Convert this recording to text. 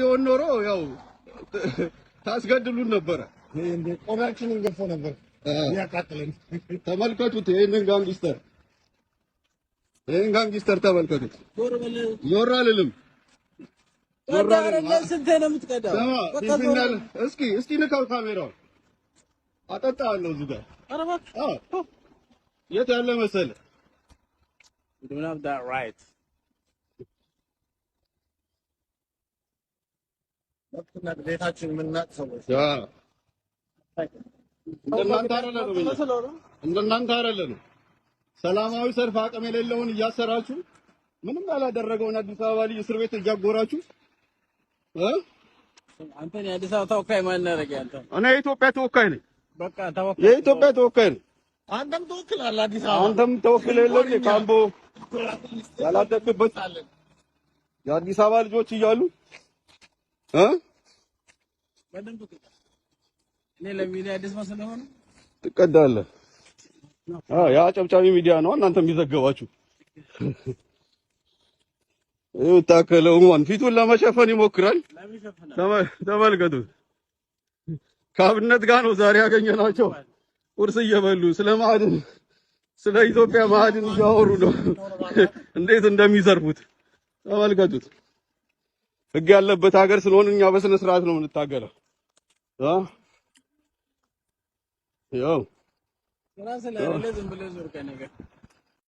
ቢሆን ኖሮ ያው ታስገድሉን ነበረ። ነበር ያቃጥለን። ተመልከቱት ይህንን ጋንግስተር፣ ይህን ጋንግስተር ተመልከቱት። ዞር አልልም። እስኪ እስኪ ንካው ካሜራውን እዚህ ጋር የት ያለ መሰለህ ቤታችን የምናውቅ ሰዎች እንደናንተ አይደለንም። ሰላማዊ ሰልፍ አቅም የሌለውን እያሰራችሁ ምንም ያላደረገውን አዲስ አበባ ልጅ እስር ቤት እያጎራችሁ እ አንተን የአዲስ አበባ ተወካይ ማን ያደርግ? አንተ እኔ የኢትዮጵያ ተወካይ ነኝ። በቃ ተወካይ የኢትዮጵያ ተወካይ ነኝ። አንተም ተወክላለህ አዲስ አበባ። አንተም ተወክል ካምቦ ያላደግበት የአዲስ አበባ ልጆች እያሉ እ ትቀዳለህ። ያ ጨብጫቢ ሚዲያ ነው እናንተ የሚዘገባችሁ። የምታከለው ማን ፊቱን ለመሸፈን ይሞክራል። ተመልከቱት። ከአብነት ጋር ነው ዛሬ ያገኘናቸው። ቁርስ እየበሉ ስለ ማዕድን ስለ ኢትዮጵያ ማዕድን እያወሩ ነው፣ እንዴት እንደሚዘርፉት ተመልከቱት። ህግ ያለበት ሀገር ስለሆነ እኛ በስነ ስርዓት ነው የምንታገለው። ያው